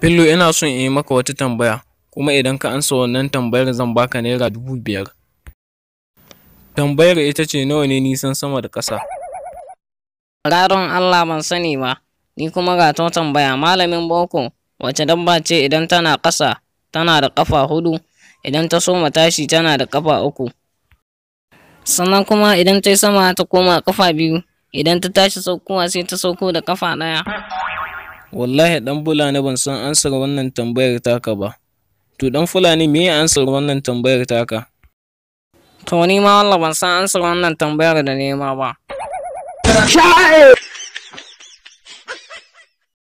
Bello ina son in yi maka wata tambaya, kuma idan ka ansa wannan tambayar zan baka naira dubu biyar. Tambayar ita ce nawa ne nisan sama da ƙasa? Raron Allah ban sani ba, ni kuma ga ta tambaya malamin boko, wace dabba ce idan tana ƙasa tana da ƙafa hudu, idan ta soma tashi tana da ƙafa uku. Sannan kuma idan ta yi sama ta koma ƙafa biyu, idan ta tashi saukowa sai ta sauko da ƙafa ɗaya. Wallahi ɗan Fulani ban san ansar wannan tambayar taka ba. To dan Fulani me ya ansar wannan tambayar taka? To ni ma wallahi ban san ansar wannan tambayar da nema ba. Sha'e!